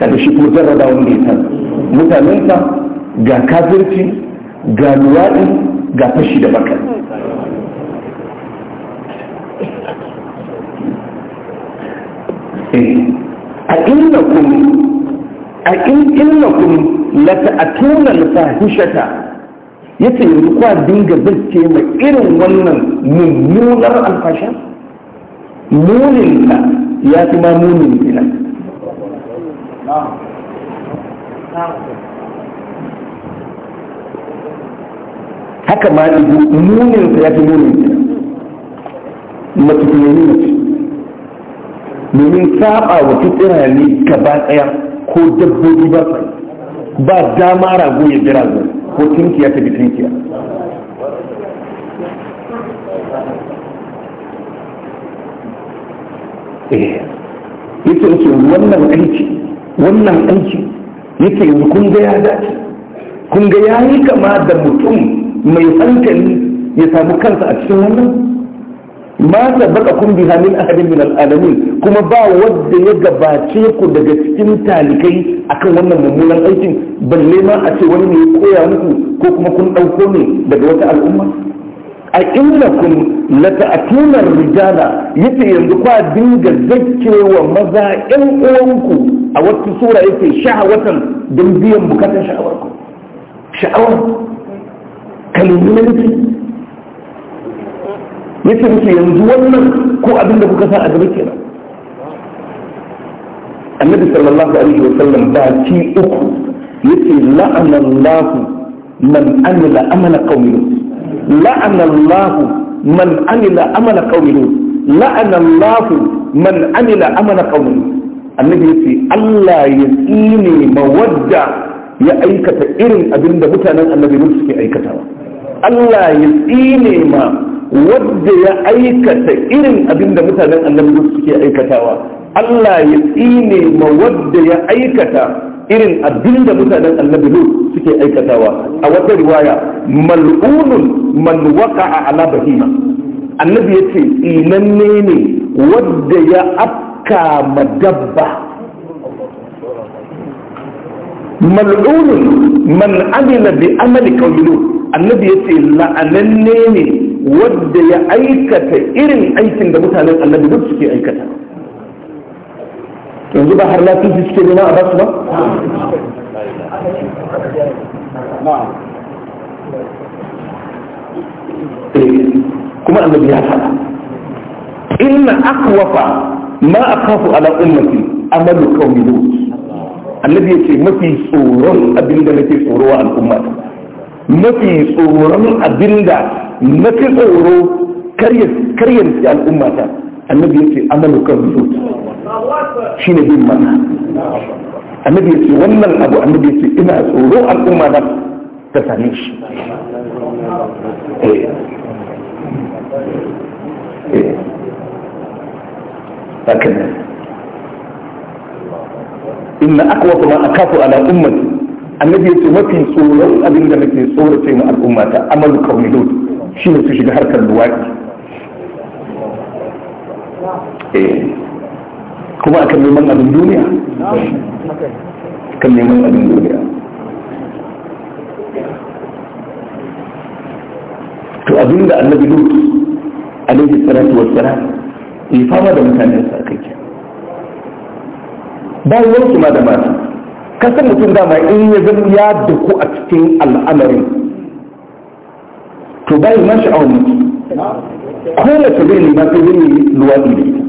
kada shi kuma jarraba wanda ya san mutanensa ga kafirci ga luwaɗi ga fashi da baka eh, a inna kuma a inna kuma la a tona fahishata ya yanzu kwa dinga zarce mai irin wannan mummunar munin muninta ya fi munin filan haka ma ibu munin sa ya fi munin sa mace ta nemi mace domin saba wa fitira ne ba tsaya ko dabbobi ba sa ba dama rago ya bi rago ko tinkiya ta bi tinkiya eh ita ce wannan aiki wannan aiki yake yanzu kun ga ya dace kun ga ya yi kama da mutum mai hankali ya samu kansa a cikin wannan ma baka kun biha min ahadin min al'alamin kuma ba wanda ya gabace ku daga cikin talikai akan wannan mummunan aikin balle ma a ce wani ne ya koya muku ko kuma kun ɗauko ne daga wata al'umma a inda kun a lata'atuna rijala yace yanzu kwa dinga zakewa maza yan uwanku a wata sura yake sha'awatan don biyan bukatar sha'awar ku sha'awar kalmi na nufi yace muke yanzu wannan ko abin da kuka sa a gaba kenan annabi sallallahu alaihi wa sallam ba ci uku yace la'ana Allah man amila amala qaumin la'ana Allah man amila amala qaumin la'ana Allah man amila amala qaumin annabi ya ce Allah ya tsine ma wadda ya aikata irin abin da mutanen annabi lut suke aikatawa Allah ya tsine ma wadda ya aikata irin abin da mutanen annabi lut suke aikatawa Allah ya tsine ma wadda ya aikata irin abin da mutanen annabi lut suke aikatawa a wata riwaya mal'unun man waqa'a ala bahima annabi ya ce tsinanne ne wadda ya كام ملعون من عمل بأملك ويلون النبي يتي لأنني ود يا أيكت إرن أيك نعم. إيه. إن دبوت عليك النبي نبسك يا أيكت يعني بها لا تجي سكرنا أبس ما كما النبي يحفظ إن أقوى ما أخاف على أمتي أمل قوم لوط الذي يكي ما في صورن أبندا نكي صوروا على أمتي ما في صورن أبندا نكي صورو كريس كريس على أمتي النبي يكي أمل قوم لوط شين بين منا النبي يكي ومن أبو النبي يكي إما صوروا عن أمتي تسانيش إيه إيه haka ne inna aqwa a kafu ala ummati annabi yace mafi tsoron abin da nake tsorace mu al'umma ta amalu qaumi shi ne su shiga harkar luwaki eh kuma akan neman abin duniya kan neman abin duniya to abinda annabi lut alaihi salatu wassalam yi fama da mutanen sa kai ke ba da mata kasar mutum dama in ya zama ya duku a cikin al'amarin to bayan mashi a wani ta zai nema sai zai luwaɗi da ita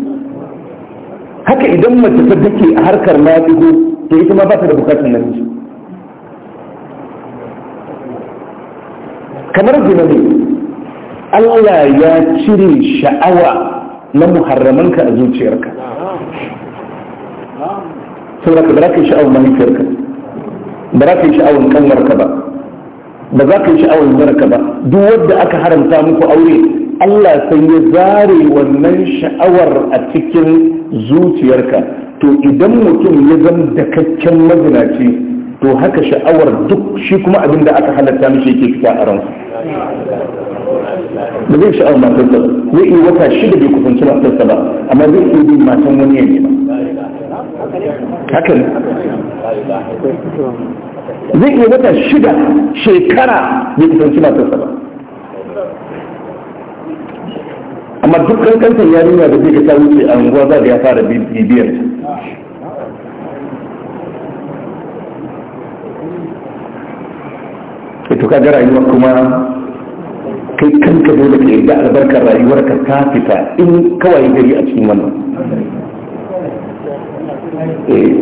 haka idan mace ta dake a harkar maɗigo to ita ma ba ta da bukatar namiji kamar zina Allah ya cire sha'awa na muharramanka a zuciyarka saboda ba za ka yi sha'awar mahaifiyarka ba za ka yi sha'awar kanwarka ba ba za ka yi sha'awar zarka ba duk wadda aka haramta muku aure Allah sai ya zare wannan sha'awar a cikin zuciyarka to idan mutum ya zama dakakken mazinaci to haka sha'awar duk shi kuma abin da aka halatta mishi yake fita a ransa ba zai sha'awar matarsa ba zai iya wata shida bai kusanci matarsa ba amma zai iya bin matan wani yanki ba haka ne zai iya wata shida shekara bai kusanci matarsa ba amma duk kankantar yarinya da zai ga ta wuce a unguwa za da ya fara bibiyar ta to kaga rayuwa kuma kai kanka dole ka yarda albarkar rayuwarka ta fita in kawai gari a cikin wannan eh.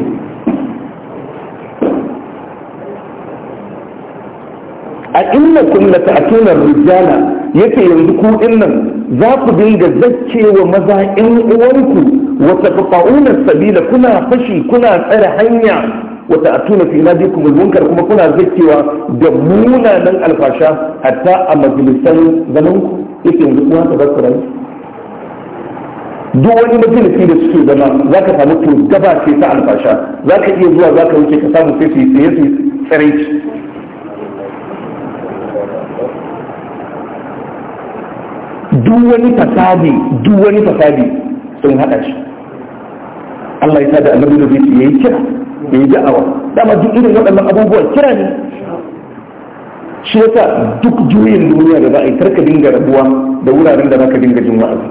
a inna kun ta'tuna rijala yake yanzu ku dinnan za ku dinga zaccewa maza in uwanku wa taqta'una sabila kuna fashi kuna tsare hanya wata atuna fi nadikum munkar kuma kuna zakewa da munanan alfasha hatta a majalisan zaman ku yake yanzu kuma ta bakura duk wani majalisi da suke zama za ka samu to gaba ce ta alfasha za ka iya zuwa za ka wuce ka samu sai su yi tsaye su tsiraici duk wani fasadi duk wani fasadi sun haɗa shi Allah ya sa da annabi da zai yayi kira ya ji awa. dama duk irin waɗannan abubuwan kira ne shi yasa duk juyin duniya da za a yi karka dinga rabuwa da wuraren da za ka dinga jin wa'azi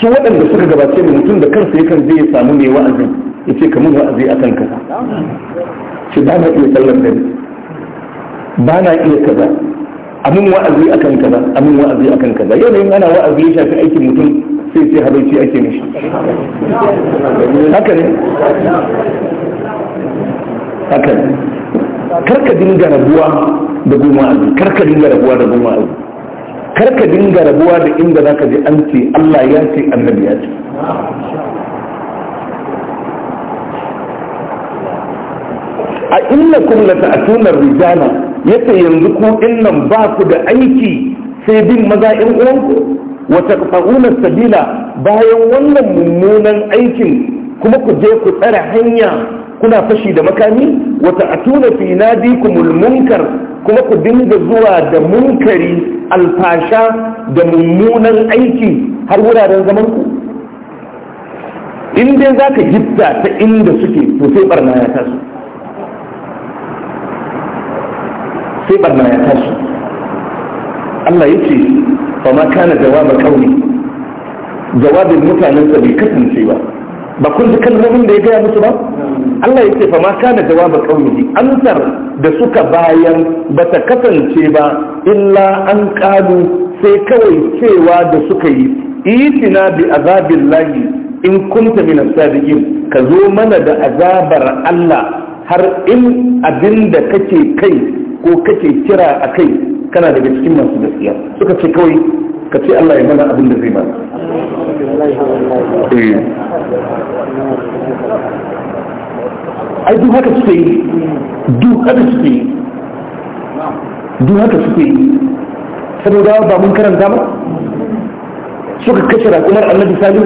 su waɗanda suka gabace da mutum da kansa yakan zai ya samu mai wa'azi ya ce kamun wa'azi a kan kaza shi ba na iya sallar dare ba na iya kaza amin wa'azi a kan kaza amin wa'azi a kan kaza yanayin ana wa'azi ya shafi aikin mutum sai ce habaici ake nishi haka ne haka ne karka dinga rabuwa da goma guma'azi karka dinga rabuwa da goma guma'azi karka dinga rabuwa da inda za ka ji an ce allah ya ce annabi ya ce a inna kullata a tunar rijana yace yanzu ku nan ba ku da aiki sai bin maza 'yan uwanku Wata taqta'una sabila bayan wannan mummunan aikin kuma ku je ku tsare hanya kuna fashi da makami wata atuna fi ku munkar kuma ku dinga zuwa da munkari alfasha da mummunan aiki har wuraren zaman ku in dai zaka gitta ta inda suke to sai barna ya taso sai barna ya taso Allah ya ce fa ma kana jawaba kauni jawabin mutanen sa bai kasance ba ba kun ji kalmomin da ya gaya musu ba Allah yake fa ma kana jawaba qaumihi ansar da suka bayan ba ta kasance ba illa an kalu sai kawai cewa da suka yi itina bi azabillahi in kunta min sadiqin ka zo mana da azabar Allah har in abin da kake kai ko kake kira a kai kana daga cikin masu gaskiya suka ce kawai ka ce Allah ya mana abin da zai mana eh. ai duk haka suke yi duk haka suke yi duk haka suke yi saboda ba mun karanta ba suka kashe raƙumar annabi salihu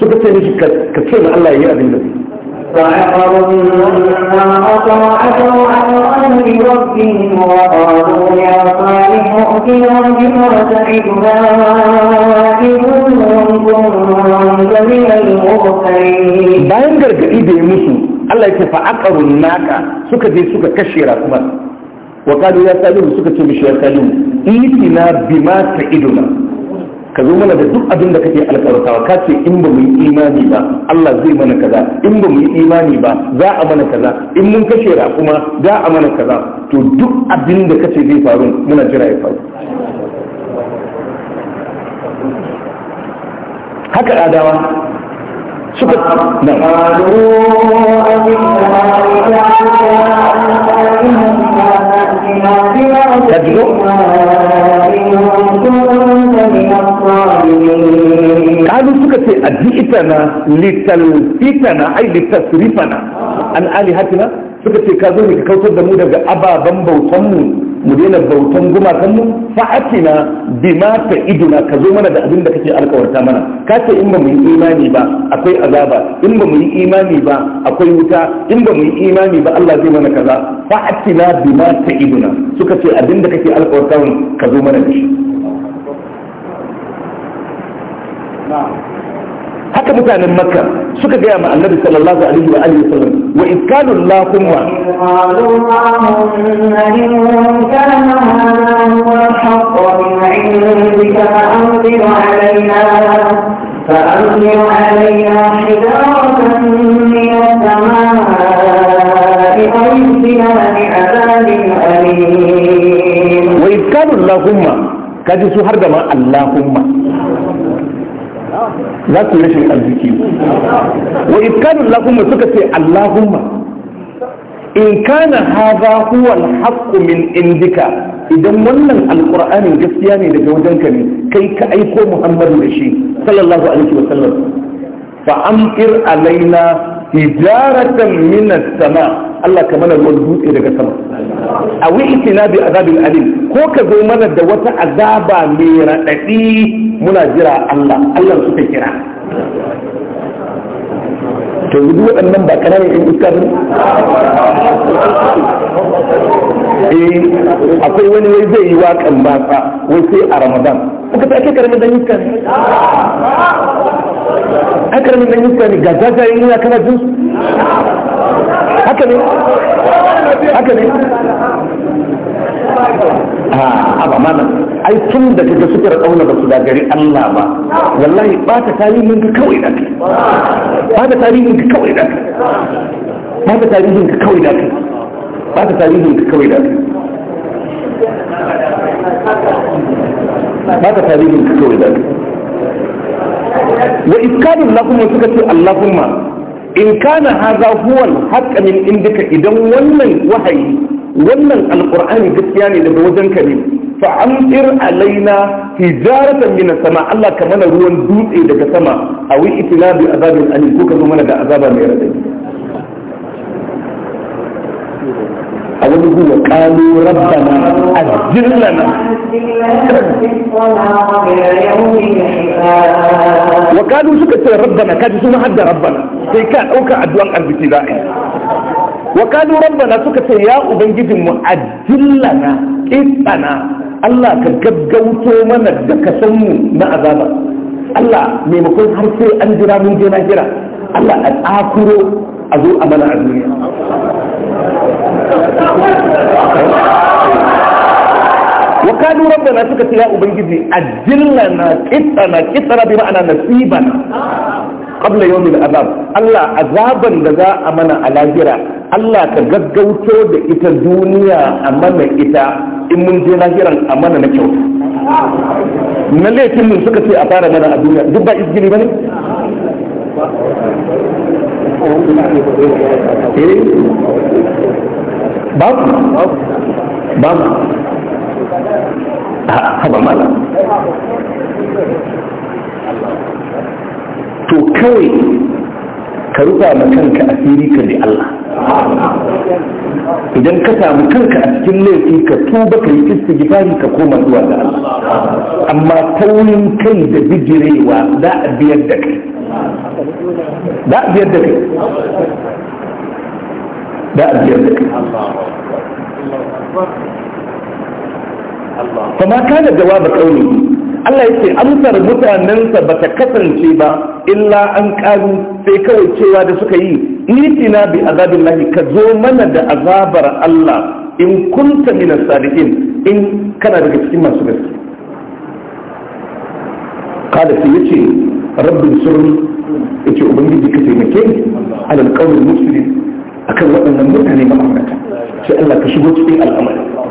suka ce mishi ka ce na Allah ya yi abin da zai bayan gargaɗi da ya musu Allah ya ce fa naka suka je suka kashe rakumar wa qalu ya salihu suka ce mishi ya salihu itina bima iduna ka zo mana da duk abin da kake alƙawartawa ka ce in ba mu yi imani ba Allah zai mana kaza in ba mu yi imani ba za a mana kaza in mun kashe ra kuma za a mana kaza to duk abin da kace zai faru muna jira ya faru haka adawa suka na jitana litalfitana ai litasrifana an alihatina suka ce ka zo ne ka kautar da mu daga ababen bautanmu mu daina bautan gumakan mu fa bima ta iduna ka zo mana da abin da kake alkawarta mana ka ce in ba mu yi imani ba akwai azaba in ba mu yi imani ba akwai wuta in ba mu yi imani ba Allah zai mana kaza fa atina bima ta iduna suka ce abin da kake alkawarta mana ka zo mana da shi haka mutanen makka suka gaya ma annabi sallallahu alaihi wa alihi wasallam wa iskalu lakum wa فأمطر علينا حجارة من السماء أو قالوا اللهم كجسوا هرجما اللهم za ku rashin arziki wa iskanun lahumma suka ce allahumma in kana haza huwa alhaqqu min indika idan wannan Alƙur'ani gaskiya ne daga wajenka ne kai ka aiko muhammadu da shi sallallahu alaihi wa sallam fa amtir alaina hijaratan min as-sama Allah ka mana ruwan dutse daga sama a wi itina bi azabil alim ko ka zo mana da wata azaba mai radadi muna jira Allah Allah suka kira to duk waɗannan ba kananan yan iska ba eh akwai wani wai zai yi waƙan mata wai sai a ramadan kuka ta ake karamin dan iska ne a karamin dan iska ne ga jajayen yana kana jin haka ne haka ne a ba mana ai tun da kaga suka rauna ba su gagari Allah ba wallahi ba ta tarihin ka kawai da kai ba ta tarihin ka kawai da kai ba ta tarihin ka kawai da kai ba ta tarihin ka kawai da kai ba ta tarihin ka kawai da kai wa iskadin lahumma suka ce Allahumma in kana hadha huwa al-haqq min indika idan wannan wahayi wannan alqur'ani gaskiya ne daga wajen ka ne fa'amtir alaina hijaratan min sama Allah ka mana ruwan dutse daga sama a wi itina bi azabin alim ko ka zo mana da azaba mai radadi a wani guwa kalu rabbana ajillana wa kalu suka ce rabbana kaji suna hadda rabbana sai ka dauka addu'an arziki za a yi wa kalu rabbana suka ce ya ubangijinmu ajillana kitsana Allah ka gaggauto mana da ka san mu na azaba Allah maimakon har sai an jira mun je na jira Allah a tsakuro a zo a mana a duniya wa kadu rabbana suka ce ya ubangiji ajillana na kitsana bi ma'ana nasibana qabla yawmil azab Allah azaban da za a mana a lahira Allah ka gaggauto da ita duniya a mana ita in mun je lahiran a mana na kyau, na laifin mun suka ce a fara mana a duniya duk ba izgili bane babu eh? babu ah, haba mala to kawai ka rufa ma kanka asiri ka bi Allah idan ka samu kanka a cikin laifi ka tuba ka yi istighfari ka koma zuwa ga Allah amma taurin kai da bijirewa za a biyar da kai za a biyar da kai za a biyar da kai فما كان جواب قوله Allah yake amsar mutanensa ba ta kasance ba illa an ƙaru sai kawai cewa da suka yi nitina bi azabin lahi ka zo mana da azabar Allah in kunta mina, sadiqin in kana daga cikin masu gaske kada sai yace rabbin surri yace ubangiji ka taimake ni alal qawli muslim akan waɗannan mutane ma'amata sai Allah ka shigo cikin al'amari